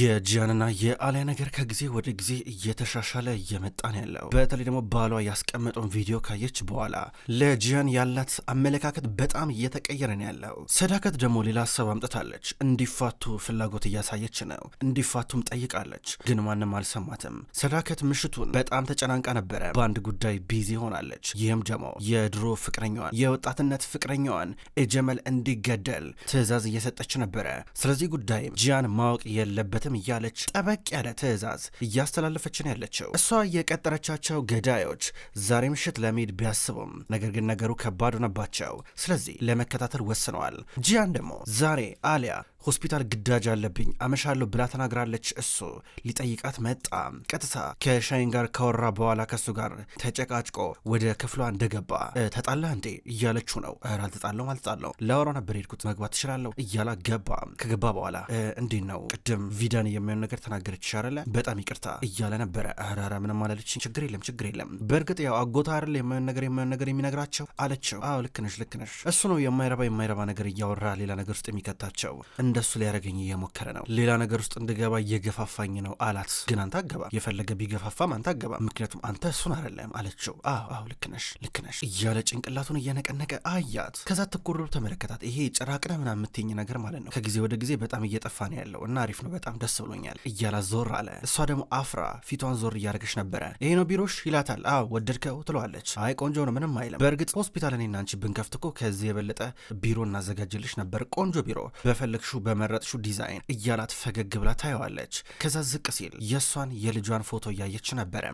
የጂያንና የአሊያ ነገር ከጊዜ ወደ ጊዜ እየተሻሻለ እየመጣ ነው ያለው። በተለይ ደግሞ ባሏ ያስቀመጠውን ቪዲዮ ካየች በኋላ ለጂያን ያላት አመለካከት በጣም እየተቀየረ ነው ያለው። ሰዳከት ደግሞ ሌላ ሀሳብ አምጥታለች። እንዲፋቱ ፍላጎት እያሳየች ነው፣ እንዲፋቱም ጠይቃለች። ግን ማንም አልሰማትም። ሰዳከት ምሽቱን በጣም ተጨናንቃ ነበረ። በአንድ ጉዳይ ቢዚ ሆናለች። ይህም ደግሞ የድሮ ፍቅረኛዋን የወጣትነት ፍቅረኛዋን እጀመል እንዲገደል ትዕዛዝ እየሰጠች ነበረ። ስለዚህ ጉዳይም ጂያን ማወቅ የለ የለበትም እያለች ጠበቅ ያለ ትዕዛዝ ነው ያለችው እሷ የቀጠረቻቸው ገዳዮች ዛሬ ምሽት ለመሄድ ቢያስቡም ነገር ግን ነገሩ ከባድ ሆነባቸው። ስለዚህ ለመከታተል ወስነዋል። ጂያን ደግሞ ዛሬ አሊያ ሆስፒታል ግዳጅ አለብኝ አመሻለሁ ብላ ተናግራለች። እሱ ሊጠይቃት መጣ። ቀጥታ ከሻይን ጋር ካወራ በኋላ ከእሱ ጋር ተጨቃጭቆ ወደ ክፍሏ እንደገባ ተጣላ እንዴ እያለችው ነው። ኧረ አልተጣለው አልተጣለው ላወራው ነበር የሄድኩት መግባት ትችላለሁ እያላ ገባ። ከገባ በኋላ እንዴት ነው ቅድም ቪዳን የሚሆን ነገር ተናገረች ይሻላለ በጣም ይቅርታ እያለ ነበረ። ኧረ ምንም አላለች። ችግር የለም ችግር የለም በእርግጥ ያው አጎታ አይደል የማይሆን ነገር የማይሆን ነገር የሚነግራቸው አለችው። አዎ ልክ ነሽ ልክ ነሽ እሱ ነው የማይረባ የማይረባ ነገር እያወራ ሌላ ነገር ውስጥ የሚከታቸው እንደሱ ሊያደርገኝ እየሞከረ ነው፣ ሌላ ነገር ውስጥ እንድገባ እየገፋፋኝ ነው አላት። ግን አንተ አገባ የፈለገ ቢገፋፋም አንተ አገባ፣ ምክንያቱም አንተ እሱን አይደለም አለችው። አዎ አዎ ልክነሽ ልክነሽ እያለ ጭንቅላቱን እየነቀነቀ አያት። ከዛ ትኩር ብሎ ተመለከታት። ይሄ ጭራቅነ ምና የምትኝ ነገር ማለት ነው ከጊዜ ወደ ጊዜ በጣም እየጠፋ ነው ያለው እና አሪፍ ነው በጣም ደስ ብሎኛል እያላት ዞር አለ። እሷ ደግሞ አፍራ ፊቷን ዞር እያደረገች ነበረ። ይሄ ነው ቢሮሽ ይላታል። አዎ ወደድከው ትለዋለች። አይ ቆንጆ ነው ምንም አይልም። በእርግጥ ሆስፒታል እኔና አንቺ ብንከፍት እኮ ከዚህ የበለጠ ቢሮ እናዘጋጅልሽ ነበር ቆንጆ ቢሮ በፈለግሹ በመረጥሹ ዲዛይን እያላት ፈገግ ብላ ታየዋለች። ከዛ ዝቅ ሲል የእሷን የልጇን ፎቶ እያየች ነበረ።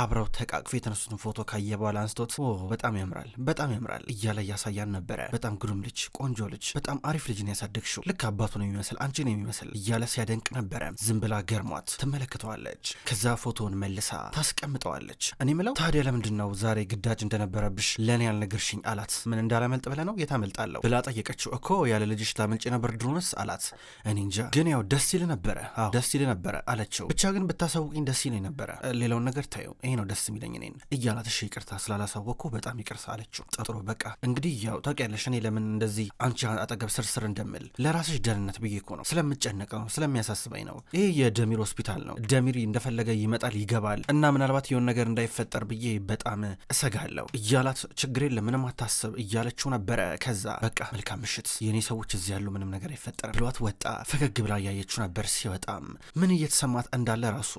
አብረው ተቃቅፎ የተነሱትን ፎቶ ካየ በኋላ አንስቶት በጣም ያምራል፣ በጣም ያምራል እያለ እያሳያን ነበረ። በጣም ግሩም ልጅ፣ ቆንጆ ልጅ፣ በጣም አሪፍ ልጅ ነው ያሳደግሽው፣ ልክ አባቱ ነው የሚመስል፣ አንቺ ነው የሚመስል እያለ ሲያደንቅ ነበረ። ዝም ብላ ገርሟት ትመለክተዋለች ከዛ ፎቶውን መልሳ ታስቀምጠዋለች። እኔ ምለው ታዲያ ለምንድን ነው ዛሬ ግዳጅ እንደነበረብሽ ለእኔ ያልነገርሽኝ? አላት። ምን እንዳላመልጥ ብለህ ነው የታመልጣለሁ ብላ ጠየቀችው። እኮ ያለ ልጅሽ ታመልጭ ነበር ድሮንስ አላት። እኔ እንጃ ግን ያው ደስ ይል ነበረ፣ ደስ ይል ነበረ አለችው። ብቻ ግን ብታሳውቅኝ ደስ ይለኝ ነበረ። ሌላውን ነገር ታየው፣ ይሄ ነው ደስ የሚለኝ እኔን እያላት፣ እሺ ይቅርታ ስላላሳወቅኩ በጣም ይቅርታ አለችው። ጥሩ በቃ እንግዲህ ያው ታውቂያለሽ፣ እኔ ለምን እንደዚህ አንቺ አጠገብ ስርስር እንደምል ለራስሽ ደህንነት ብዬ እኮ ነው። ስለምጨነቅ ነው፣ ስለሚያሳስበኝ ነው። ይሄ የደሚር ሆስፒታል ነው። ደሚር እንደፈለገ ይመጣል ይገባል፣ እና ምናልባት የሆን ነገር እንዳይፈጠር ብዬ በጣም እሰጋለሁ እያላት ችግር የለም ምንም አታስብ እያለችው ነበረ። ከዛ በቃ መልካም ምሽት የእኔ ሰዎች እዚህ ያሉ ምንም ነገር አይፈጠርም ብሏት ወጣ። ፈገግ ብላ እያየችው ነበር ሲወጣም። ምን እየተሰማት እንዳለ ራሱ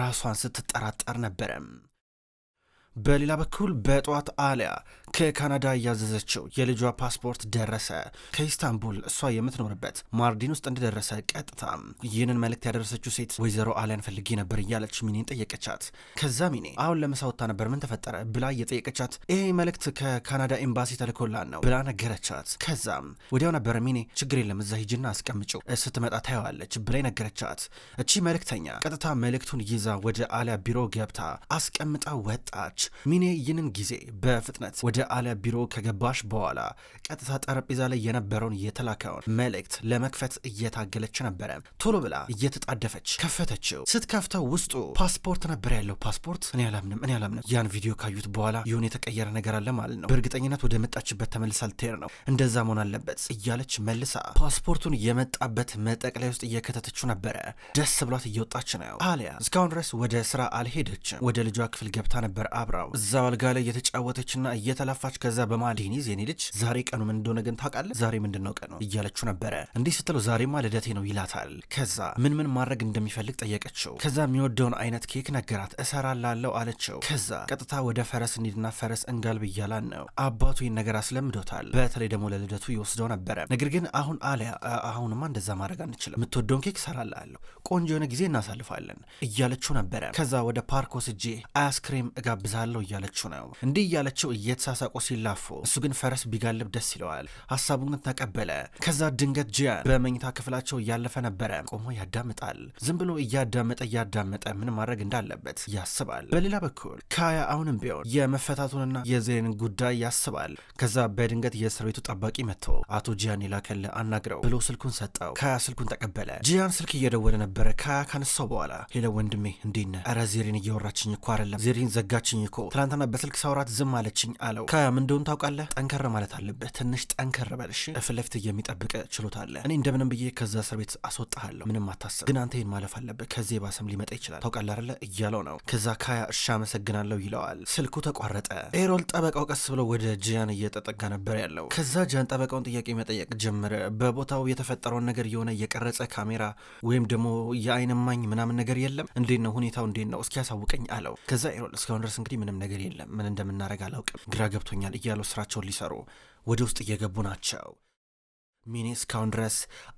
ራሷን ስትጠራጠር ነበረ። በሌላ በኩል በጠዋት አሊያ ከካናዳ እያዘዘችው የልጇ ፓስፖርት ደረሰ። ከኢስታንቡል እሷ የምትኖርበት ማርዲን ውስጥ እንደደረሰ ቀጥታ ይህንን መልእክት ያደረሰችው ሴት ወይዘሮ አሊያን ፈልጌ ነበር እያለች ሚኔን ጠየቀቻት። ከዛ ሚኔ አሁን ለምሳ ወጥታ ነበር ምን ተፈጠረ ብላ እየጠየቀቻት ይህ መልእክት ከካናዳ ኤምባሲ ተልኮላን ነው ብላ ነገረቻት። ከዛም ወዲያው ነበረ ሚኔ ችግር የለም እዛ ሂጅና አስቀምጭው ስትመጣ ታየዋለች ብላ ነገረቻት። እቺ መልእክተኛ ቀጥታ መልእክቱን ይዛ ወደ አሊያ ቢሮ ገብታ አስቀምጣ ወጣች። ሚኔ ይህንን ጊዜ በፍጥነት ወደ አሊያ ቢሮ ከገባሽ በኋላ ቀጥታ ጠረጴዛ ላይ የነበረውን የተላከውን መልእክት ለመክፈት እየታገለች ነበረ። ቶሎ ብላ እየተጣደፈች ከፈተችው። ስትከፍተው ውስጡ ፓስፖርት ነበር ያለው። ፓስፖርት እኔ አላምንም፣ እኔ አላምንም። ያን ቪዲዮ ካዩት በኋላ ይሁን የተቀየረ ነገር አለ ማለት ነው። በእርግጠኝነት ወደ መጣችበት ተመልሳ ልትሄድ ነው። እንደዛ መሆን አለበት እያለች መልሳ ፓስፖርቱን የመጣበት መጠቅላይ ውስጥ እየከተተችው ነበረ። ደስ ብሏት እየወጣች ነው። አሊያ እስካሁን ድረስ ወደ ስራ አልሄደችም። ወደ ልጇ ክፍል ገብታ ነበር አብራው እዛው አልጋ ላይ እየተጫወተችና እየተላ ተንቀላፋች። ከዛ በማል ዴኒዝ የኔ ልጅ ዛሬ ቀኑ ምን እንደሆነ ግን ታውቃለህ? ዛሬ ምንድን ነው ቀኑ እያለችው ነበረ። እንዲህ ስትለው ዛሬማ ልደቴ ነው ይላታል። ከዛ ምን ምን ማድረግ እንደሚፈልግ ጠየቀችው። ከዛ የሚወደውን አይነት ኬክ ነገራት። እሰራላለው አለችው። ከዛ ቀጥታ ወደ ፈረስ እንሂድና ፈረስ እንጋልብ እያላን ነው። አባቱ ይህን ነገር አስለምዶታል። በተለይ ደግሞ ለልደቱ ይወስደው ነበረ። ነገር ግን አሁን አሊያ አሁንማ እንደዛ ማድረግ አንችልም፣ የምትወደውን ኬክ እሰራላለሁ፣ ቆንጆ የሆነ ጊዜ እናሳልፋለን እያለችው ነበረ። ከዛ ወደ ፓርክ ወስጄ አይስክሬም እጋብዛለሁ እያለችው ነው። እንዲህ እያለችው እየተሳሳ እየሳቁ ሲላፉ፣ እሱ ግን ፈረስ ቢጋልብ ደስ ይለዋል። ሀሳቡን ግን ተቀበለ። ከዛ ድንገት ጂያን በመኝታ ክፍላቸው እያለፈ ነበረ። ቆሞ ያዳምጣል። ዝም ብሎ እያዳመጠ እያዳመጠ ምን ማድረግ እንዳለበት ያስባል። በሌላ በኩል ካያ አሁንም ቢሆን የመፈታቱንና የዜን ጉዳይ ያስባል። ከዛ በድንገት የእስር ቤቱ ጠባቂ መጥቶ አቶ ጂያን የላከለ አናግረው ብሎ ስልኩን ሰጠው። ካያ ስልኩን ተቀበለ። ጂያን ስልክ እየደወለ ነበረ። ካያ ካነሳው በኋላ ሄሎ ወንድሜ እንዴነ ኧረ ዜሬን እያወራችኝ እኮ አይደለም ዜሬን ዘጋችኝ እኮ ትናንትና በስልክ ሳውራት ዝም አለችኝ አለው። ካያም እንደሆን ታውቃለህ፣ ጠንከር ማለት አለብህ። ትንሽ ጠንከር በልሽ። እሺ። ፊት ለፊት የሚጠብቅ ችሎታ አለ። እኔ እንደምንም ብዬ ከዛ እስር ቤት አስወጣሃለሁ። ምንም አታስብ፣ ግን አንተ ይህን ማለፍ አለብህ። ከዚህ የባሰም ሊመጣ ይችላል። ታውቃለህ አለ እያለው ነው። ከዛ ካያ እሺ አመሰግናለሁ ይለዋል። ስልኩ ተቋረጠ። ኤሮል ጠበቃው ቀስ ብሎ ወደ ጂያን እየጠጠጋ ነበር ያለው። ከዛ ጂያን ጠበቃውን ጥያቄ መጠየቅ ጀመረ። በቦታው የተፈጠረውን ነገር የሆነ የቀረጸ ካሜራ ወይም ደግሞ የአይን እማኝ ምናምን ነገር የለም። እንዴት ነው ሁኔታው? እንዴት ነው እስኪያሳውቀኝ አለው። ከዛ ኤሮል እስካሁን ድረስ እንግዲህ ምንም ነገር የለም። ምን እንደምናደርግ አላውቅም ግራ ገብቶኛል እያሉ ስራቸውን ሊሰሩ ወደ ውስጥ እየገቡ ናቸው። ሚኒ እስካሁን ድረስ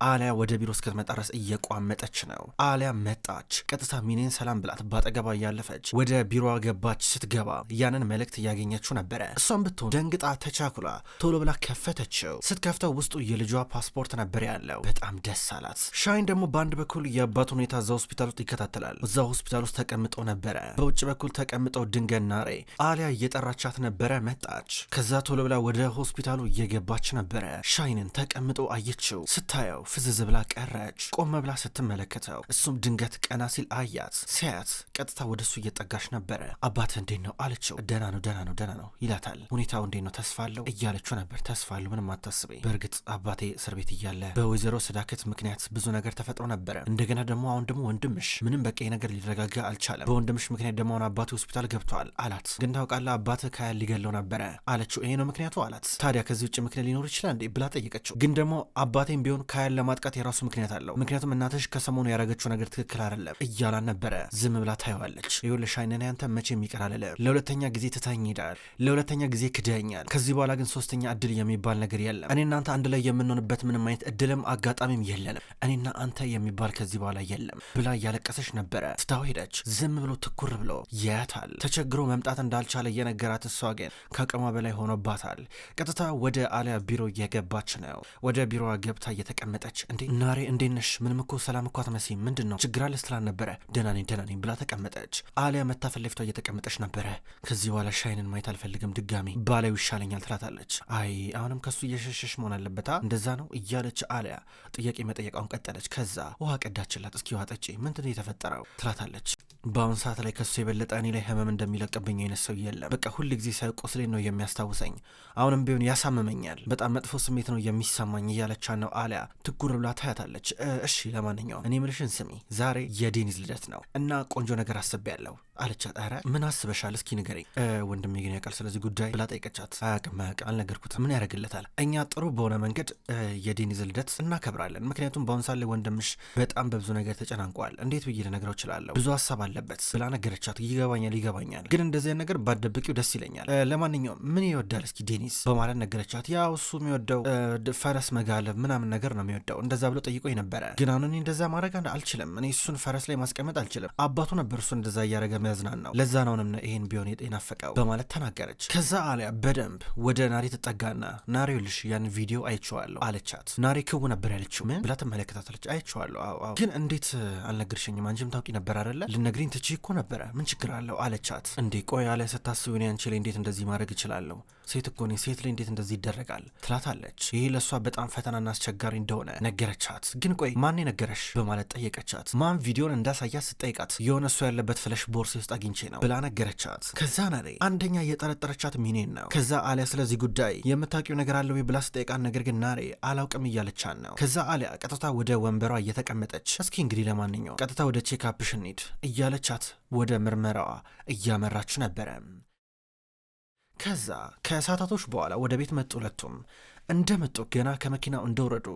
አሊያ ወደ ቢሮ እስከትመጣ ድረስ እየቋመጠች ነው። አሊያ መጣች። ቀጥታ ሚኒን ሰላም ብላት ባጠገባ እያለፈች ወደ ቢሮዋ ገባች። ስትገባ ያንን መልእክት እያገኘችው ነበረ። እሷም ብትሆን ደንግጣ ተቻኩላ ቶሎ ብላ ከፈተችው። ስትከፍተው ውስጡ የልጇ ፓስፖርት ነበር ያለው። በጣም ደስ አላት። ሻይን ደግሞ በአንድ በኩል የአባት ሁኔታ እዛ ሆስፒታል ውስጥ ይከታተላል። እዛ ሆስፒታል ውስጥ ተቀምጦ ነበረ። በውጭ በኩል ተቀምጠው ድንገት ናሬ አሊያ እየጠራቻት ነበረ። መጣች። ከዛ ቶሎ ብላ ወደ ሆስፒታሉ እየገባች ነበረ። ሻይንን ተቀምጦ ተቀምጦ አየችው። ስታየው ፍዝዝ ብላ ቀረች። ቆመ ብላ ስትመለከተው እሱም ድንገት ቀና ሲል አያት። ሲያያት ቀጥታ ወደሱ እየጠጋች ነበረ። አባት እንዴት ነው አለችው። ደህና ነው ደህና ነው ደህና ነው ይላታል። ሁኔታው እንዴት ነው ተስፋ አለው እያለችው ነበር። ተስፋ አለው ምንም አታስበኝ። በእርግጥ አባቴ እስር ቤት እያለ በወይዘሮ ስዳከት ምክንያት ብዙ ነገር ተፈጥሮ ነበረ። እንደገና ደግሞ አሁን ደግሞ ወንድምሽ ምንም በቀይ ነገር ሊረጋጋ አልቻለም። በወንድምሽ ምክንያት ደግሞ አሁን አባቴ ሆስፒታል ገብቷል አላት። ግን ታውቃለህ አባትህ ካያ ሊገለው ነበረ አለችው። ይሄ ነው ምክንያቱ አላት። ታዲያ ከዚህ ውጭ ምክንያት ሊኖር ይችላል እንዴ ብላ ጠየቀችው። ግን ደግሞ አባቴም ቢሆን ካያን ለማጥቃት የራሱ ምክንያት አለው። ምክንያቱም እናትሽ ከሰሞኑ ያደረገችው ነገር ትክክል አይደለም እያላን ነበረ። ዝም ብላ ታየዋለች። ይኸውልሽ አይነን ያንተ መቼም ይቀር አልልም። ለሁለተኛ ጊዜ ትታኝ ሄዳል። ለሁለተኛ ጊዜ ክደኛል። ከዚህ በኋላ ግን ሶስተኛ እድል የሚባል ነገር የለም። እኔ እናንተ አንድ ላይ የምንሆንበት ምንም አይነት እድልም አጋጣሚም የለንም። እኔና አንተ የሚባል ከዚህ በኋላ የለም ብላ እያለቀሰች ነበረ። ትታው ሄደች። ዝም ብሎ ትኩር ብሎ ያያታል። ተቸግሮ መምጣት እንዳልቻለ የነገራት እሷ ግን ከአቅሟ በላይ ሆኖባታል። ቀጥታ ወደ አሊያ ቢሮ እየገባች ነው። ወደ ቢሮዋ ገብታ እየተቀመጠች እንዴ ናሬ እንዴት ነሽ? ምንም እኮ ሰላም እኮ አትመስይም። ምንድን ነው ችግር አለ ስትላን ነበረ። ደህና ነኝ ደህና ነኝ ብላ ተቀመጠች። አሊያ መታ ፊት እየተቀመጠች ነበረ። ከዚህ በኋላ ሻይንን ማየት አልፈልግም ድጋሚ ባላዩ ይሻለኛል ትላታለች። አይ አሁንም ከሱ እየሸሸሽ መሆን አለበታ እንደዛ ነው እያለች አሊያ ጥያቄ መጠየቃውን ቀጠለች። ከዛ ውሃ ቀዳችላት። እስኪ ውሃ ጠጪ ምንድን ነው የተፈጠረው ትላታለች። በአሁን ሰዓት ላይ ከሱ የበለጠ እኔ ላይ ህመም እንደሚለቅብኝ አይነት ሰው የለም። በቃ ሁል ጊዜ ሳይ ቁስሌን ነው የሚያስታውሰኝ። አሁንም ቢሆን ያሳምመኛል። በጣም መጥፎ ስሜት ነው የሚሰማኝ እያለቻ ነው አሊያ ትጉር ብላ ታያታለች። እሺ ለማንኛውም እኔ ምልሽን ስሚ፣ ዛሬ የዴኒዝ ልደት ነው እና ቆንጆ ነገር አስቤያለሁ አለቻት። ኧረ ምን አስበሻል? እስኪ ንገረኝ ወንድሜ ግን ያውቃል ስለዚህ ጉዳይ ብላ ጠይቀቻት። አያውቅም አያውቅም አልነገርኩትም። ምን ያደርግለታል? እኛ ጥሩ በሆነ መንገድ የዴኒዝ ልደት እናከብራለን። ምክንያቱም በአሁን ላይ ወንድምሽ በጣም በብዙ ነገር ተጨናንቋል። እንዴት ብዬ ልነግረው እችላለሁ? ብዙ ሀሳብ አለበት ብላ ነገረቻት። ይገባኛል ይገባኛል፣ ግን እንደዚህ ነገር ባደብቂው ደስ ይለኛል። ለማንኛውም ምን ይወዳል እስኪ ዴኒዝ በማለት ነገረቻት። ያው እሱ የሚወደው ፈረስ መጋለብ ምናምን ነገር ነው የሚወደው እንደዛ ብሎ ጠይቆኝ ነበረ። ግን አሁን እኔ እንደዛ ማድረግ አልችልም። እኔ እሱን ፈረስ ላይ ማስቀመጥ አልችልም። አባቱ ነበር እሱ እንደዛ እያደረገ የሚያዝናናው። ለዛ ነው ነምና ይሄን ቢሆን የናፈቀው በማለት ተናገረች። ከዛ አሊያ በደንብ ወደ ናሬ ተጠጋና ናሬ ልሽ ያን ቪዲዮ አይቼዋለሁ አለቻት። ናሬ ክቡ ነበር ያለችው ምን ብላ ትመለከታታለች። አይቼዋለሁ ግን እንዴት አልነግርሽኝም? አንቺም ታውቂ ነበር አደለ? ልነግሪኝ ትቺ እኮ ነበረ ምን ችግር አለው አለቻት። እንዴ ቆይ አሊያ ስታስብ እኔ አንቺ ላይ እንዴት እንደዚህ ማድረግ እችላለሁ? ሴት እኮ እኔ ሴት ላይ እንዴት እንደዚህ ይደረጋል? ትላታለች። ይሄ ለእሷ በጣም ፈተናና አስቸጋሪ እንደሆነ ነገረቻት። ግን ቆይ ማን የነገረሽ? በማለት ጠየቀቻት። ማን ቪዲዮን እንዳሳያት ስጠይቃት የሆነ እሷ ያለበት ፍለሽ ቦርስ ውስጥ አግኝቼ ነው ብላ ነገረቻት። ከዛ ናሬ አንደኛ የጠረጠረቻት ሚኔን ነው። ከዛ አሊያ ስለዚህ ጉዳይ የምታውቂው ነገር አለ ወይ ብላ ስጠይቃን፣ ነገር ግን ናሬ አላውቅም እያለቻን ነው። ከዛ አሊያ ቀጥታ ወደ ወንበሯ እየተቀመጠች እስኪ እንግዲህ ለማንኛው ቀጥታ ወደ ቼካፕሽ እንሂድ እያለቻት ወደ ምርመራዋ እያመራች ነበረ። ከዛ ከሰዓታቶች በኋላ ወደ ቤት መጡ ሁለቱም። እንደመጡ ገና ከመኪናው እንደወረዱ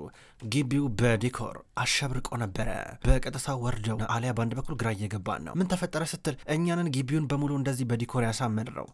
ግቢው በዲኮር አሸብርቆ ነበረ። በቀጥታ ወርደው አሊያ በአንድ በኩል ግራ እየገባን ነው። ምን ተፈጠረ ስትል እኛንን ግቢውን በሙሉ እንደዚህ በዲኮር ያሳመን ነው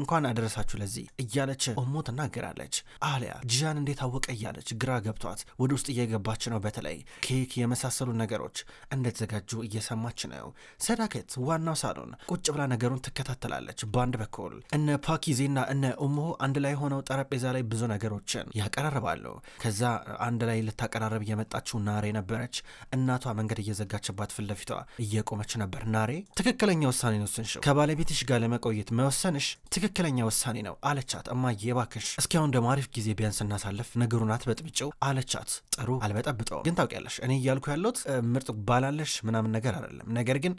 እንኳን አደረሳችሁ ለዚህ እያለች ኦሞ ትናገራለች። አሊያ ጂያን እንዴት አወቀ እያለች ግራ ገብቷት ወደ ውስጥ እየገባች ነው። በተለይ ኬክ የመሳሰሉ ነገሮች እንደተዘጋጁ እየሰማች ነው። ሰዳከት ዋናው ሳሎን ቁጭ ብላ ነገሩን ትከታተላለች። በአንድ በኩል እነ ፓኪዜና እነ ኦሞ አንድ ላይ ሆነው ጠረጴዛ ላይ ብዙ ነገሮችን ያቀራርባለሁ። ከዛ አንድ ላይ ልታቀራረብ እየመጣችው ናሬ ነበረች። እናቷ መንገድ እየዘጋችባት ፊት ለፊቷ እየቆመች ነበር። ናሬ ትክክለኛ ውሳኔ ነው ስንሽው፣ ከባለቤትሽ ጋር ለመቆየት መወሰንሽ ትክክለኛ ውሳኔ ነው አለቻት። እማዬ እባክሽ እስኪ ደግሞ አሪፍ ጊዜ ቢያንስ እናሳለፍ፣ ነገሩን አትበጥብጭው አለቻት። ጥሩ አልበጠብጠውም፣ ግን ታውቂያለሽ እኔ እያልኩ ያለሁት ምርጥ ባላለሽ ምናምን ነገር አይደለም ነገር ግን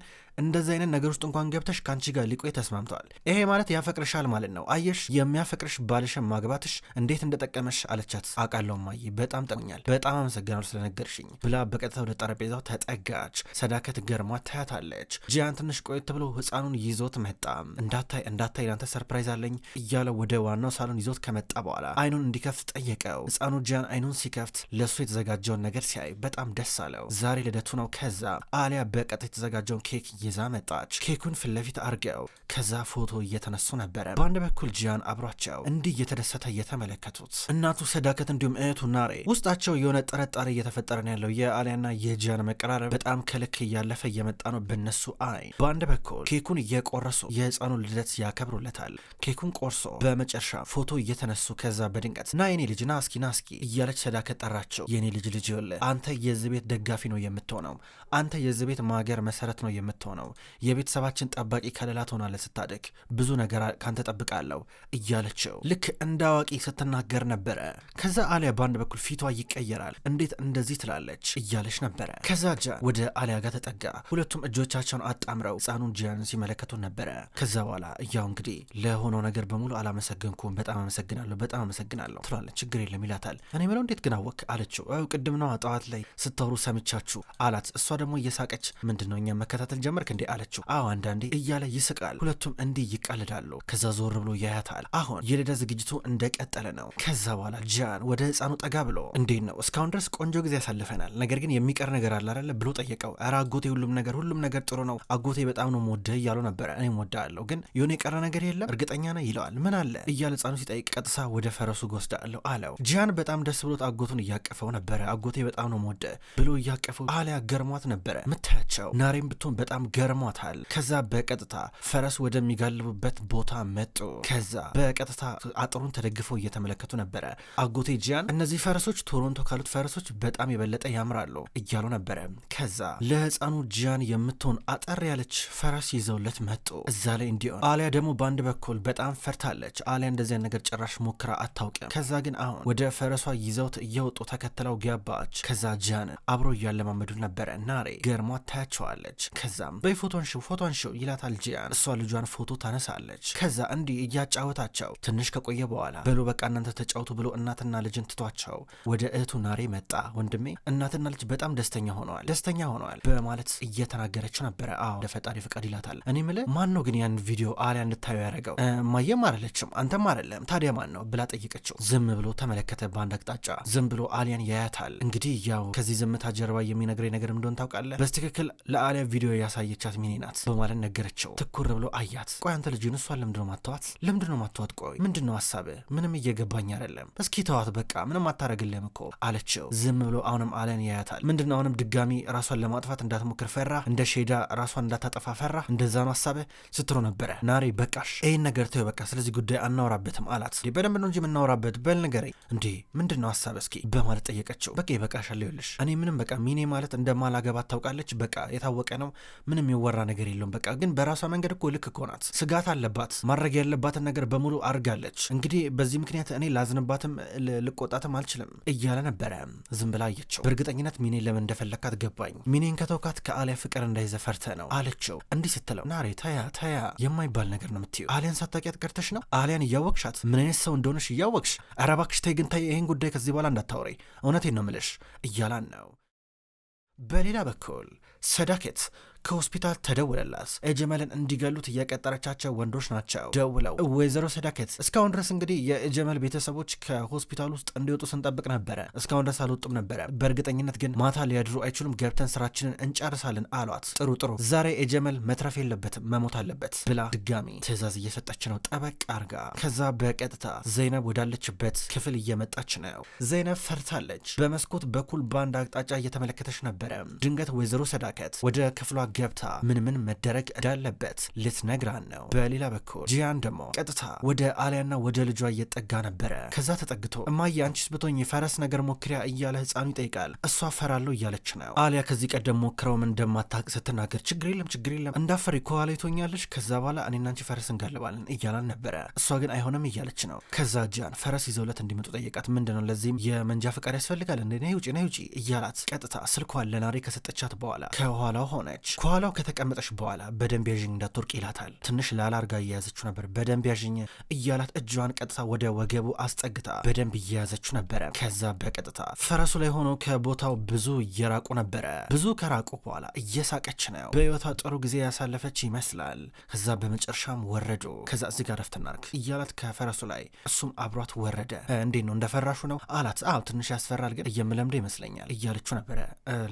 እንደዚህ አይነት ነገር ውስጥ እንኳን ገብተሽ ከአንቺ ጋር ሊቆይ ተስማምተዋል። ይሄ ማለት ያፈቅርሻል ማለት ነው። አየሽ የሚያፈቅርሽ ባልሽን ማግባትሽ እንዴት እንደጠቀመሽ አለቻት። አውቃለሁ እማዬ፣ በጣም ጠቅሞኛል፣ በጣም አመሰግናለሁ ስለነገርሽኝ ብላ በቀጥታ ወደ ጠረጴዛው ተጠጋች። ሰዳከት ገርማ ታያታለች። ጂያን ትንሽ ቆየት ብሎ ህፃኑን ይዞት መጣ። እንዳታይ እንዳታይ ላንተ ሰርፕራይዝ አለኝ እያለ ወደ ዋናው ሳሎን ይዞት ከመጣ በኋላ አይኑን እንዲከፍት ጠየቀው። ህፃኑ ጂያን አይኑን ሲከፍት ለእሱ የተዘጋጀውን ነገር ሲያይ በጣም ደስ አለው። ዛሬ ልደቱ ነው። ከዛ አሊያ በቀጥታ የተዘጋጀውን ኬክ ይዛ መጣች። ኬኩን ፊት ለፊት አርገው ከዛ ፎቶ እየተነሱ ነበረ። በአንድ በኩል ጂያን አብሯቸው እንዲህ እየተደሰተ እየተመለከቱት፣ እናቱ ሰዳከት እንዲሁም እህቱ ናሬ ውስጣቸው የሆነ ጥርጣሬ እየተፈጠረ ነው ያለው። የአሊያና የጂያን መቀራረብ በጣም ከልክ እያለፈ እየመጣ ነው በነሱ አይን። በአንድ በኩል ኬኩን እየቆረሱ የህፃኑ ልደት ያከብሩለታል። ኬኩን ቆርሶ በመጨረሻ ፎቶ እየተነሱ ከዛ በድንገት ና የኔ ልጅ ና እስኪ ና እስኪ እያለች ሰዳከት ጠራቸው። የኔ ልጅ ልጅ ይኸውልህ አንተ የዚህ ቤት ደጋፊ ነው የምትሆነው፣ አንተ የዚህ ቤት ማገር መሰረት ነው የምትሆነው ነው። የቤተሰባችን ጠባቂ ከለላ ትሆናለህ ስታደግ ብዙ ነገር ካንተ ጠብቃለሁ እያለችው ልክ እንደ አዋቂ ስትናገር ነበረ። ከዛ አሊያ በአንድ በኩል ፊቷ ይቀየራል። እንዴት እንደዚህ ትላለች እያለች ነበረ። ከዛ ጃን ወደ አሊያ ጋር ተጠጋ። ሁለቱም እጆቻቸውን አጣምረው ህፃኑን ጂያን ሲመለከቱ ነበረ። ከዛ በኋላ እያው እንግዲህ ለሆነው ነገር በሙሉ አላመሰገንኩም፣ በጣም አመሰግናለሁ፣ በጣም አመሰግናለሁ ትላለች። ችግር የለም ይላታል። እኔ ምለው እንዴት ግን አወክ አለችው። ቅድም ነዋ ጠዋት ላይ ስታወሩ ሰምቻችሁ አላት። እሷ ደግሞ እየሳቀች ምንድን ነው እኛ መከታተል ጀመር ጀመርክ እንዴ አለችው። አዎ አንዳንዴ እያለ ይስቃል። ሁለቱም እንዲህ ይቃልዳሉ። ከዛ ዞር ብሎ ያያታል። አሁን የሌዳ ዝግጅቱ እንደቀጠለ ነው። ከዛ በኋላ ጃን ወደ ህፃኑ ጠጋ ብሎ እንዴት ነው እስካሁን ድረስ ቆንጆ ጊዜ ያሳልፈናል፣ ነገር ግን የሚቀር ነገር አለ ብሎ ጠየቀው። ኧረ አጎቴ ሁሉም ነገር ሁሉም ነገር ጥሩ ነው አጎቴ በጣም ነው ሞደ እያሉ ነበረ። እኔም ወደ አለው ግን የሆነ የቀረ ነገር የለም እርግጠኛ ነ ይለዋል። ምን አለ እያለ ህፃኑ ሲጠይቅ ቀጥሳ ወደ ፈረሱ ጎስዳ አለው አለው። በጣም ደስ ብሎት አጎቱን እያቀፈው ነበረ። አጎቴ በጣም ነው ሞደ ብሎ እያቀፈው አለ ገርሟት ነበረ። ምታያቸው ናሬም ብትሆን በጣም ገርሟታል። ከዛ በቀጥታ ፈረስ ወደሚጋልቡበት ቦታ መጡ። ከዛ በቀጥታ አጥሩን ተደግፈው እየተመለከቱ ነበረ። አጎቴ ጂያን እነዚህ ፈረሶች ቶሮንቶ ካሉት ፈረሶች በጣም የበለጠ ያምራሉ እያሉ ነበረ። ከዛ ለህፃኑ ጂያን የምትሆን አጠር ያለች ፈረስ ይዘውለት መጡ። እዛ ላይ እንዲሆን አሊያ ደግሞ በአንድ በኩል በጣም ፈርታለች። አሊያ እንደዚያን ነገር ጭራሽ ሞክራ አታውቅም። ከዛ ግን አሁን ወደ ፈረሷ ይዘውት እየወጡ ተከትለው ገባች። ከዛ ጂያንን አብሮ እያለማመዱ ነበረ። ናሬ ገርሟ ታያቸዋለች። ከዛም በይ ፎቶ አንሺው ፎቶ ይላታል ጂያን። እሷ ልጇን ፎቶ ታነሳለች። ከዛ እንዲህ እያጫወታቸው ትንሽ ከቆየ በኋላ በሎ በቃ እናንተ ተጫውቱ ብሎ እናትና ልጅን ትቷቸው ወደ እህቱ ናሬ መጣ። ወንድሜ እናትና ልጅ በጣም ደስተኛ ሆነዋል ደስተኛ ሆነዋል በማለት እየተናገረችው ነበረ። አዎ ለፈጣሪ ፍቃድ ይላታል። እኔ ምለ ማን ነው ግን ያን ቪዲዮ አሊያ እንድታዩ ያደረገው? ማየም አላለችም አንተም አደለም ታዲያ ማን ነው ብላ ጠይቀችው። ዝም ብሎ ተመለከተ በአንድ አቅጣጫ። ዝም ብሎ አሊያን ያያታል። እንግዲህ ያው ከዚህ ዝምታ ጀርባ የሚነግረኝ ነገር እንደሆን ታውቃለህ። በስትክክል ለአሊያ ቪዲዮ ያሳ ያየቻት ሚኔ ናት በማለት ነገረችው። ትኩር ብሎ አያት። ቆይ አንተ ልጅን እሷን ለምድ ነው ማተዋት? ለምድ ነው ማተዋት? ቆይ ምንድን ነው ሀሳብ? ምንም እየገባኝ አይደለም። እስኪ ተዋት በቃ ምንም አታረግልም እኮ አለችው። ዝም ብሎ አሁንም አለን ያያታል። ምንድን አሁንም ድጋሚ ራሷን ለማጥፋት እንዳትሞክር ፈራ፣ እንደ ሼዳ ራሷን እንዳታጠፋ ፈራ። እንደዛ ነው ሀሳብ ስትሮ ነበረ። ናሬ በቃሽ፣ ይህን ነገር ተው በቃ፣ ስለዚህ ጉዳይ አናወራበትም አላት። እንዴ በደንብ ነው እንጂ የምናወራበት፣ በል ንገረኝ። እንዴ ነው ሀሳብ እስኪ በማለት ጠየቀችው። በቃ ይበቃሻል፣ ይኸውልሽ እኔ ምንም በቃ ሚኔ ማለት እንደማላገባት ታውቃለች። በቃ የታወቀ ነው ምን ምንም የሚወራ ነገር የለውም። በቃ ግን በራሷ መንገድ እኮ ልክ እኮ ናት። ስጋት አለባት። ማድረግ ያለባትን ነገር በሙሉ አድርጋለች። እንግዲህ በዚህ ምክንያት እኔ ላዝንባትም ልቆጣትም አልችልም እያለ ነበረ። ዝም ብላ አየችው። በእርግጠኝነት ሚኔን ለምን እንደፈለግካት ገባኝ። ሚኔን ከተውካት ከአሊያ ፍቅር እንዳይዘፈርተ ነው አለችው። እንዲህ ስትለው ናሬ ታያ ታያ የማይባል ነገር ነው የምትይው። አሊያን ሳታውቂያት ቀርተሽ ነው። አሊያን እያወቅሻት ምን አይነት ሰው እንደሆነሽ እያወቅሽ። ኧረ እባክሽ ተይ ግን ተይ፣ ይህን ጉዳይ ከዚህ በኋላ እንዳታወሪ። እውነቴን ነው ምልሽ እያላን ነው። በሌላ በኩል ሰዳኬት ከሆስፒታል ተደውለላት ኤጀመልን እንዲገሉት እየቀጠረቻቸው ወንዶች ናቸው ደውለው። ወይዘሮ ሰዳከት እስካሁን ድረስ እንግዲህ የኤጀመል ቤተሰቦች ከሆስፒታል ውስጥ እንዲወጡ ስንጠብቅ ነበረ፣ እስካሁን ድረስ አልወጡም ነበረ። በእርግጠኝነት ግን ማታ ሊያድሩ አይችሉም፣ ገብተን ስራችንን እንጨርሳለን አሏት። ጥሩ ጥሩ፣ ዛሬ ኤጀመል መትረፍ የለበትም መሞት አለበት ብላ ድጋሚ ትዕዛዝ እየሰጠች ነው፣ ጠበቅ አርጋ። ከዛ በቀጥታ ዘይነብ ወዳለችበት ክፍል እየመጣች ነው። ዘይነብ ፈርታለች። በመስኮት በኩል በአንድ አቅጣጫ እየተመለከተች ነበረ። ድንገት ወይዘሮ ሰዳከት ወደ ክፍሏ ገብታ ምን ምን መደረግ እንዳለበት ልትነግራን ነው። በሌላ በኩል ጂያን ደግሞ ቀጥታ ወደ አሊያና ወደ ልጇ እየጠጋ ነበረ። ከዛ ተጠግቶ እማዬ አንቺስ ብቶኝ የፈረስ ነገር ሞክሪያ እያለ ህፃኑ ይጠይቃል። እሷ ፈራለሁ እያለች ነው። አሊያ ከዚህ ቀደም ሞክረውም እንደማታቅ ስትናገር ችግር የለም ችግር የለም እንዳፈሪ ከኋላ ይቶኛለች ከዛ በኋላ እኔና አንቺ ፈረስ እንጋልባለን እያላን ነበረ። እሷ ግን አይሆንም እያለች ነው። ከዛ ጂያን ፈረስ ይዘውለት እንዲመጡ ጠየቃት። ምንድነው ለዚህም የመንጃ ፈቃድ ያስፈልጋል እንዴ? ነይ ውጪ ነይ ውጪ እያላት ቀጥታ ስልኳን ለናሬ ከሰጠቻት በኋላ ከኋላው ሆነች። ከኋላው ከተቀመጠች በኋላ በደንብ ያዥኝ እንዳትወርቅ ይላታል። ትንሽ ላላ አርጋ እየያዘችው ነበር። በደንብ ያዥኝ እያላት እጇን ቀጥታ ወደ ወገቡ አስጠግታ በደንብ እየያዘችው ነበረ። ከዛ በቀጥታ ፈረሱ ላይ ሆኖ ከቦታው ብዙ እየራቁ ነበረ። ብዙ ከራቁ በኋላ እየሳቀች ነው። በህይወቷ ጥሩ ጊዜ ያሳለፈች ይመስላል። ከዛ በመጨረሻም ወረዱ። ከዛ እዚህ ጋር ረፍት እያላት ከፈረሱ ላይ እሱም አብሯት ወረደ። እንዴት ነው እንደፈራሹ ነው አላት። አዎ ትንሽ ያስፈራል፣ ግን እየምለምደ ይመስለኛል እያለችው ነበረ።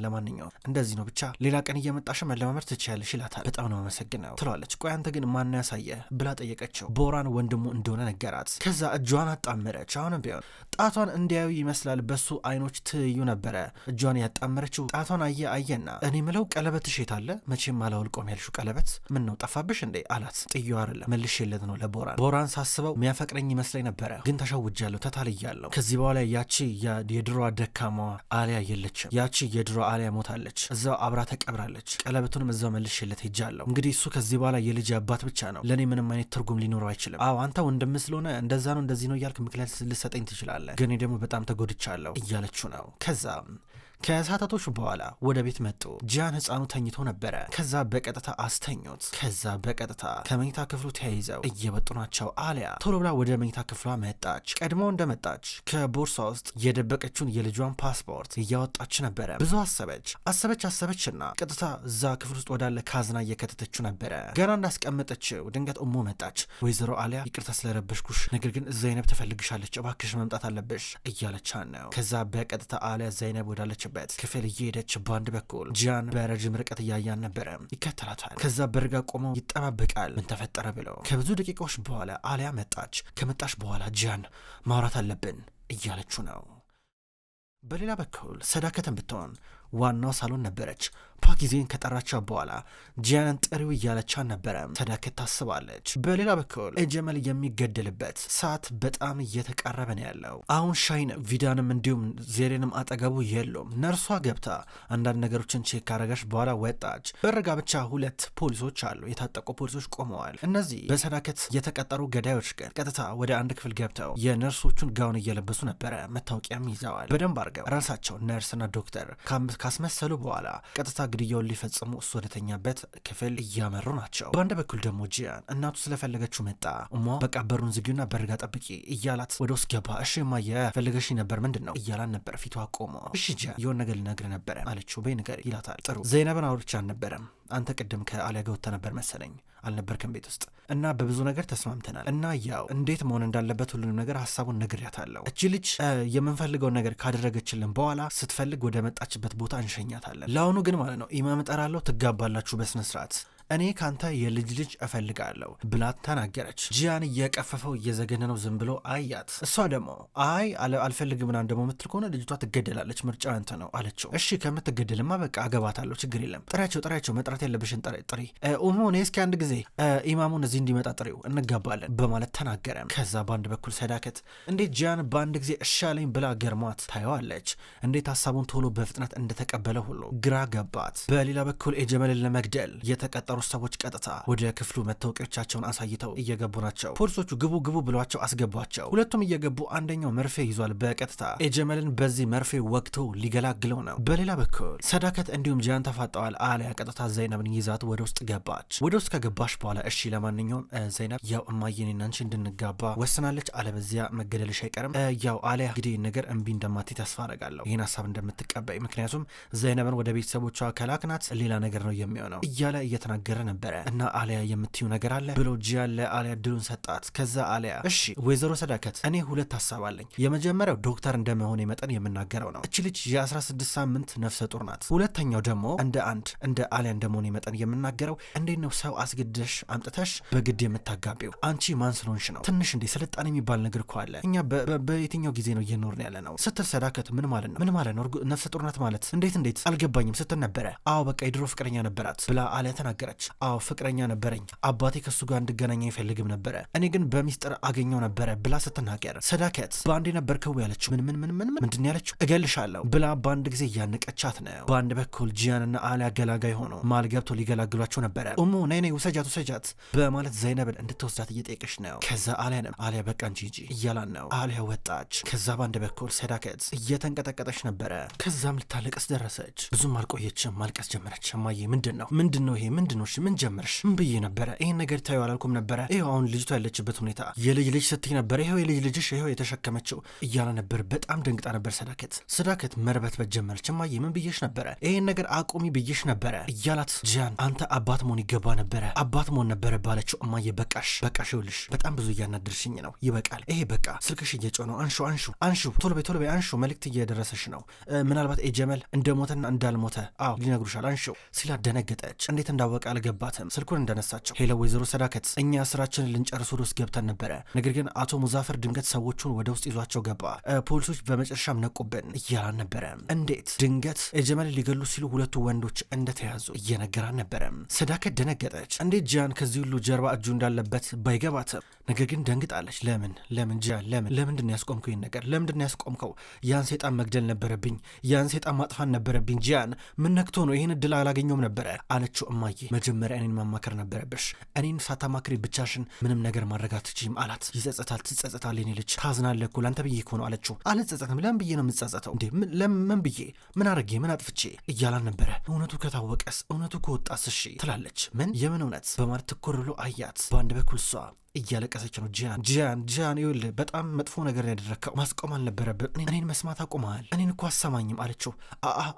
ለማንኛውም እንደዚህ ነው ብቻ ሌላ ቀን እየመጣሽ መለማመድ ትችያለሽ ይላታል። በጣም ነው አመሰግነው ትሏለች። ቆይ አንተ ግን ማን ያሳየ ብላ ጠየቀችው። ቦራን ወንድሙ እንደሆነ ነገራት። ከዛ እጇን አጣመረች። አሁንም ቢሆን ጣቷን እንዲያዩ ይመስላል በሱ አይኖች ትይዩ ነበረ። እጇን ያጣመረችው ጣቷን አየ አየና እኔ ምለው ቀለበትሽ የታለ? መቼም አላወልቆም ያልሽው ቀለበት ምን ነው ጠፋብሽ እንዴ አላት። ጥዩ አይደለም መልሼለት ነው ለቦራን። ቦራን ሳስበው የሚያፈቅረኝ ይመስለኝ ነበረ፣ ግን ተሸውጃለሁ፣ ተታልያለሁ። ከዚህ በኋላ ያቺ የድሮ ደካማዋ አሊያ የለችም። ያቺ የድሮ አሊያ ሞታለች፣ እዛው አብራ ተቀብራለች። ቀለበት ቀለበቱንም እዛው መልሼለት ሄጃለሁ። እንግዲህ እሱ ከዚህ በኋላ የልጅ አባት ብቻ ነው፣ ለእኔ ምንም አይነት ትርጉም ሊኖረው አይችልም። አዎ አንተ ወንድም ስለሆነ እንደዛ ነው እንደዚህ ነው እያልክ ምክንያት ልሰጠኝ ትችላለህ፣ ግን ደግሞ በጣም ተጎድቻለሁ እያለችው ነው ከዛም ከሰዓታቶች በኋላ ወደ ቤት መጡ። ጂያን ህፃኑ ተኝቶ ነበረ። ከዛ በቀጥታ አስተኙት። ከዛ በቀጥታ ከመኝታ ክፍሉ ተያይዘው እየበጡ ናቸው። አሊያ ቶሎ ብላ ወደ መኝታ ክፍሏ መጣች። ቀድሞ እንደመጣች ከቦርሳ ውስጥ የደበቀችውን የልጇን ፓስፖርት እያወጣች ነበረ። ብዙ አሰበች አሰበች አሰበችና ቀጥታ እዛ ክፍል ውስጥ ወዳለ ካዝና እየከተተችው ነበረ። ገና እንዳስቀመጠችው ድንገት እሞ መጣች። ወይዘሮ አሊያ ይቅርታ ስለረበሽኩሽ፣ ነገር ግን ዘይነብ ትፈልግሻለች፣ እባክሽ መምጣት አለብሽ እያለቻን ነው። ከዛ በቀጥታ አሊያ ዘይነብ ወዳለች ወዳለችበት ክፍል እየሄደች በአንድ በኩል ጃን በረጅም ርቀት እያያን ነበረ። ይከተላታል። ከዛ በርጋ ቆመው ይጠባበቃል። ምን ተፈጠረ ብለው ከብዙ ደቂቃዎች በኋላ አሊያ መጣች። ከመጣች በኋላ ጃን ማውራት አለብን እያለችው ነው። በሌላ በኩል ሰዳከተን ብትሆን ዋናው ሳሎን ነበረች። ፓኪዜን ከጠራቻ በኋላ ጂያንን ጥሪው እያለቻ ነበረ። ተዳክት ታስባለች። በሌላ በኩል ኤጀመል የሚገደልበት ሰዓት በጣም እየተቃረበ ነው ያለው። አሁን ሻይን ቪዳንም እንዲሁም ዜሬንም አጠገቡ የሉም። ነርሷ ገብታ አንዳንድ ነገሮችን ቼክ ካረጋች በኋላ ወጣች። በረጋ ብቻ ሁለት ፖሊሶች አሉ፣ የታጠቁ ፖሊሶች ቆመዋል። እነዚህ በሰዳከት የተቀጠሩ ገዳዮች ግን ቀጥታ ወደ አንድ ክፍል ገብተው የነርሶቹን ጋውን እየለበሱ ነበረ። መታወቂያም ይዘዋል። በደንብ አድርገው ራሳቸው ነርስና ዶክተር ካስመሰሉ በኋላ ቀጥታ ግድያውን ሊፈጽሙ እሱ ወደተኛበት ክፍል እያመሩ ናቸው። በአንድ በኩል ደግሞ ጂያን እናቱ ስለፈለገችው መጣ። እሞ በቃ በሩን ዝጊውና በርጋ ጠብቂ እያላት ወደ ውስጥ ገባ። እሺ ማየ ፈለገሽ ነበር ምንድን ነው እያላን ነበር ፊቷ ቆሞ። እሺ ጂያን የሆነ ነገር ልነግርህ ነበረ አለችው። በይ ንገሪ ይላታል። ጥሩ ዘይነብን አውርቻ አልነበረም አንተ ቅድም ከአሊያ ጋር ወጥተህ ነበር መሰለኝ አልነበርክም ቤት ውስጥ እና በብዙ ነገር ተስማምተናል እና ያው እንዴት መሆን እንዳለበት ሁሉንም ነገር ሀሳቡን ነግሬያታለሁ። እቺ ልጅ የምንፈልገውን ነገር ካደረገችልን በኋላ ስትፈልግ ወደ መጣችበት ቦታ እንሸኛታለን። ለአሁኑ ግን ማለት ነው ኢማም እጠራለሁ፣ ትጋባላችሁ በስነስርዓት እኔ ካንተ የልጅ ልጅ እፈልጋለሁ ብላ ተናገረች። ጂያን እየቀፈፈው እየዘገነነው ዝም ብሎ አያት። እሷ ደግሞ አይ አልፈልግም ምናምን ደግሞ የምትል ከሆነ ልጅቷ ትገደላለች፣ ምርጫ ያንተ ነው አለችው። እሺ ከምትገደልማ በቃ አገባታለሁ፣ ችግር የለም። ጥሪያቸው ጥሪያቸው፣ መጥራት ያለብሽን ጥሪ። ኡሙ እኔ እስኪ አንድ ጊዜ ኢማሙን እዚህ እንዲመጣ ጥሪው፣ እንጋባለን በማለት ተናገረ። ከዛ በአንድ በኩል ሰዳከት እንዴት ጂያን በአንድ ጊዜ እሻለኝ ብላ ገርሟት ታየዋለች። እንዴት ሀሳቡን ቶሎ በፍጥነት እንደተቀበለ ሁሉ ግራ ገባት። በሌላ በኩል ኤጀመልን ለመግደል የተቀጠሩ የተቀሩት ሰዎች ቀጥታ ወደ ክፍሉ መታወቂያዎቻቸውን አሳይተው እየገቡ ናቸው። ፖሊሶቹ ግቡ ግቡ ብሏቸው አስገቧቸው። ሁለቱም እየገቡ አንደኛው መርፌ ይዟል። በቀጥታ ኤጀመልን በዚህ መርፌ ወቅቶ ሊገላግለው ነው። በሌላ በኩል ሰዳከት እንዲሁም ጃን ተፋጠዋል። አሊያ ቀጥታ ዘይነብን ይዛት ወደ ውስጥ ገባች። ወደ ውስጥ ከገባሽ በኋላ እሺ፣ ለማንኛውም ዘይነብ ያው እማየኔና አንቺ እንድንጋባ ወስናለች፣ አለበዚያ መገደልሽ አይቀርም። ያው አሊያ እንግዲህ ነገር እምቢ እንደማት ተስፋ አረጋለሁ ይህን ሀሳብ እንደምትቀበይ ምክንያቱም ዘይነብን ወደ ቤተሰቦቿ ከላክናት ሌላ ነገር ነው የሚሆነው እያለ እየተናገ እየተናገረ ነበረ። እና አሊያ የምትዩ ነገር አለ ብሎ ጂያን ለአሊያ ድሉን ሰጣት። ከዛ አሊያ እሺ ወይዘሮ ሰዳከት እኔ ሁለት ሀሳብ አለኝ። የመጀመሪያው ዶክተር እንደመሆኔ መጠን የምናገረው ነው። እች ልጅ የ16 ሳምንት ነፍሰ ጡር ናት። ሁለተኛው ደግሞ እንደ አንድ እንደ አሊያ እንደመሆኔ መጠን የምናገረው እንዴት ነው ሰው አስገደሽ አምጥተሽ በግድ የምታጋቢው? አንቺ ማን ስለሆንሽ ነው? ትንሽ እንዴ ስልጣን የሚባል ነገር እኮ አለ። እኛ በየትኛው ጊዜ ነው እየኖርን ያለ ነው ስትል ሰዳከት ምን ማለት ነው ምን ማለት ነው ነፍሰ ጡር ናት ማለት እንዴት እንዴት አልገባኝም ስትል ነበረ። አዎ በቃ የድሮ ፍቅረኛ ነበራት ብላ አሊያ ተናገረች። ነበረች። አዎ ፍቅረኛ ነበረኝ፣ አባቴ ከሱ ጋር እንድገናኝ አይፈልግም ነበረ፣ እኔ ግን በሚስጥር አገኘው ነበረ ብላ ስትናገር ሰዳከት በአንድ ነበር ከው ያለችው። ምን ምን ምን ምን ምንድን ያለችው እገልሻለሁ ብላ በአንድ ጊዜ እያነቀቻት ነው። በአንድ በኩል ጂያንና አሊያ ገላጋይ ሆኖ ማል ገብቶ ሊገላግሏቸው ነበረ። እሙ ነይ ነይ ውሰጃት ውሰጃት በማለት ዘይነብን እንድትወስዳት እየጠየቀች ነው። ከዛ አሊያንም አሊያ በቃ እንጂ እንጂ እያላን ነው። አሊያ ወጣች። ከዛ በአንድ በኩል ሰዳከት እየተንቀጠቀጠች ነበረ። ከዛም ልታለቀስ ደረሰች። ብዙም አልቆየችም፣ ማልቀስ ጀመረች። እማዬ ምንድን ነው ምንድን ነው ይሄ ምንድን ነው እሺ ምን ጀመርሽ? ምን ብዬ ነበረ ይህን ነገር ታዩ አላልኩም ነበረ? ይኸው አሁን ልጅቷ ያለችበት ሁኔታ የልጅ ልጅ ስትይ ነበረ፣ ይኸው የልጅ ልጅሽ ይኸው የተሸከመችው እያለ ነበር። በጣም ደንግጣ ነበር ሰዳከት። ሰዳከት መርበትበት ጀመረች። እማዬ ምን ብዬሽ ነበረ? ይህን ነገር አቁሚ ብዬሽ ነበረ እያላት ጂያን፣ አንተ አባት መሆን ይገባ ነበረ አባት መሆን ነበረ ባለችው። እማዬ በቃሽ በቃሽ፣ ይኸውልሽ በጣም ብዙ እያናደርሽኝ ነው፣ ይበቃል። ይሄ በቃ ስልክሽ እየጮ ነው። አንሹ አንሹ አንሹ፣ ቶሎ በይ ቶሎ በይ አንሹ፣ መልእክት እየደረሰሽ ነው። ምናልባት ኤጀመል እንደሞተና እንዳልሞተ አዎ ሊነግሩሻል። አንሹ ሲላ ደነገጠች። እንዴት እንዳወቀ አልገባትም። ስልኩን እንደነሳቸው ሄሎ፣ ወይዘሮ ሰዳከት እኛ ስራችንን ልንጨርስ ወደ ውስጥ ገብተን ነበረ። ነገር ግን አቶ ሙዛፈር ድንገት ሰዎቹን ወደ ውስጥ ይዟቸው ገባ። ፖሊሶች በመጨረሻም ነቁብን እያላን ነበረ። እንዴት ድንገት ጀመል ሊገሉ ሲሉ ሁለቱ ወንዶች እንደተያዙ እየነገራን ነበረ። ሰዳከት ደነገጠች። እንዴት ጂያን ከዚህ ሁሉ ጀርባ እጁ እንዳለበት ባይገባትም ነገር ግን ደንግጣለች። ለምን ለምን ጂያን ለምን ለምንድን ያስቆምከው ይህን ነገር ለምንድን ያስቆምከው? ያን ሴጣን መግደል ነበረብኝ፣ ያን ሴጣን ማጥፋት ነበረብኝ። ጂያን ምን ነክቶ ነው ይህን እድል አላገኘውም ነበረ አለችው። እማዬ መጀመሪያ እኔን ማማከር ነበረብሽ። እኔን ሳታማክሪ ብቻሽን ምንም ነገር ማድረግ አትችይም አላት። ይጸጸታል፣ ትጸጸታል፣ የኔ ልጅ ታዝናለህ እኮ ለአንተ ብዬ እኮ ነው አለችው። አልጸጸትም። ለምን ብዬ ነው የምጸጸተው እንዴ? ለምን ብዬ ምን አድርጌ ምን አጥፍቼ እያላን ነበረ። እውነቱ ከታወቀስ እውነቱ ከወጣስ እሺ ትላለች። ምን የምን እውነት በማለት ትኮር ብሎ አያት። በአንድ በኩል እሷ እያለቀሰች ነው። ጂያን ጂያን ጂያን ይኸውልህ በጣም መጥፎ ነገር ያደረግከው ማስቆም አልነበረብም። እኔን መስማት አቁመሃል። እኔን እኮ አሰማኝም አለችው።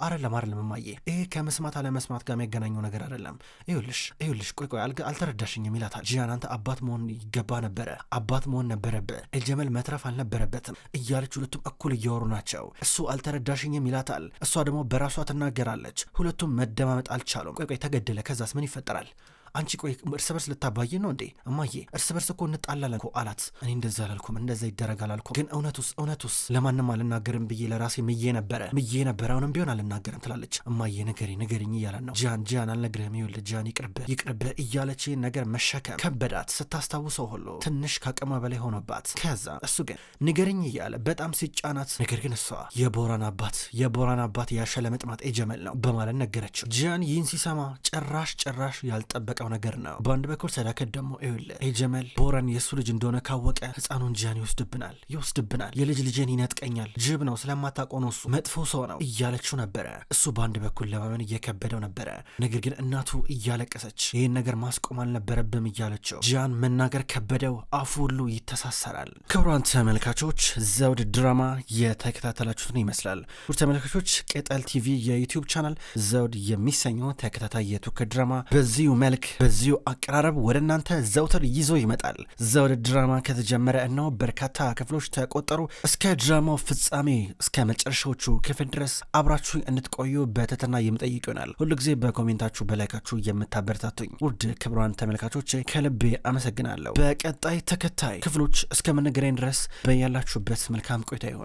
አረለም አረለም እማዬ፣ ይህ ከመስማት አለመስማት ጋር የሚያገናኘው ነገር አይደለም። ይኸውልሽ ይኸውልሽ፣ ቆይ ቆይ አልተረዳሽኝም ይላታል። ጂያን አንተ አባት መሆን ይገባ ነበረ፣ አባት መሆን ነበረብህ። እልጀመል መትረፍ አልነበረበትም እያለች ሁለቱም እኩል እያወሩ ናቸው። እሱ አልተረዳሽኝም ይላታል። እሷ ደግሞ በራሷ ትናገራለች። ሁለቱም መደማመጥ አልቻሉም። ቆይ ቆይ ተገደለ፣ ከዛስ ምን ይፈጠራል? አንቺ ቆይ እርስ በርስ ልታባይ ነው እንዴ እማዬ? እርስ በርስ እኮ እንጣላለን አላት። እኔ እንደዛ አላልኩም፣ እንደዛ ይደረጋል አላልኩም። ግን እውነቱስ እውነቱስ ለማንም አልናገርም ብዬ ለራሴ ምዬ ነበረ ምዬ ነበረ። አሁንም ቢሆን አልናገርም ትላለች እማዬ። ንገሪ ንገሪኝ እያለን ነው ጂያን። ጃን ጃን አልነግርህም ይኸውልህ ጃን ይቅርብ ይቅርብ እያለች ነገር መሸከም ከበዳት። ስታስታውሰው ሁሉ ትንሽ ከአቅሟ በላይ ሆኖባት፣ ከዛ እሱ ግን ንገርኝ እያለ በጣም ሲጫናት፣ ነገር ግን እሷ የቦራን አባት የቦራን አባት ያሸለመጥማጥ የጀመል ነው በማለት ነገረችው። ጃን ይህን ሲሰማ ጭራሽ ጭራሽ ያልጠበቀ የምናውቀው ነገር ነው። በአንድ በኩል ሰዳከት ደግሞ ይውል ጀመል ቦረን የእሱ ልጅ እንደሆነ ካወቀ ህፃኑን ጃን ይወስድብናል ይወስድብናል፣ የልጅ ልጄን ይነጥቀኛል፣ ጅብ ነው ስለማታውቀው ነው እሱ መጥፎ ሰው ነው እያለችው ነበረ። እሱ በአንድ በኩል ለማመን እየከበደው ነበረ። ነገር ግን እናቱ እያለቀሰች ይህን ነገር ማስቆም አልነበረብም እያለችው ጃን መናገር ከበደው፣ አፉ ሁሉ ይተሳሰራል። ክቡራን ተመልካቾች ዘውድ ድራማ የተከታተላችሁትን ይመስላል። ውድ ተመልካቾች ቅጠል ቲቪ የዩቲዩብ ቻናል ዘውድ የሚሰኘው ተከታታይ የቱርክ ድራማ በዚሁ መልክ በዚሁ አቀራረብ ወደ እናንተ ዘውትር ይዞ ይመጣል። ዘውድ ድራማ ከተጀመረ እነው በርካታ ክፍሎች ተቆጠሩ። እስከ ድራማው ፍጻሜ እስከ መጨረሻዎቹ ክፍል ድረስ አብራችሁ እንድትቆዩ በትህትና የምጠይቅ ይሆናል። ሁሉ ጊዜ በኮሜንታችሁ በላይካችሁ የምታበረታቱኝ ውድ ክብሯን ተመልካቾች ከልቤ አመሰግናለሁ። በቀጣይ ተከታይ ክፍሎች እስከምንገናኝ ድረስ በያላችሁበት መልካም ቆይታ ይሆን።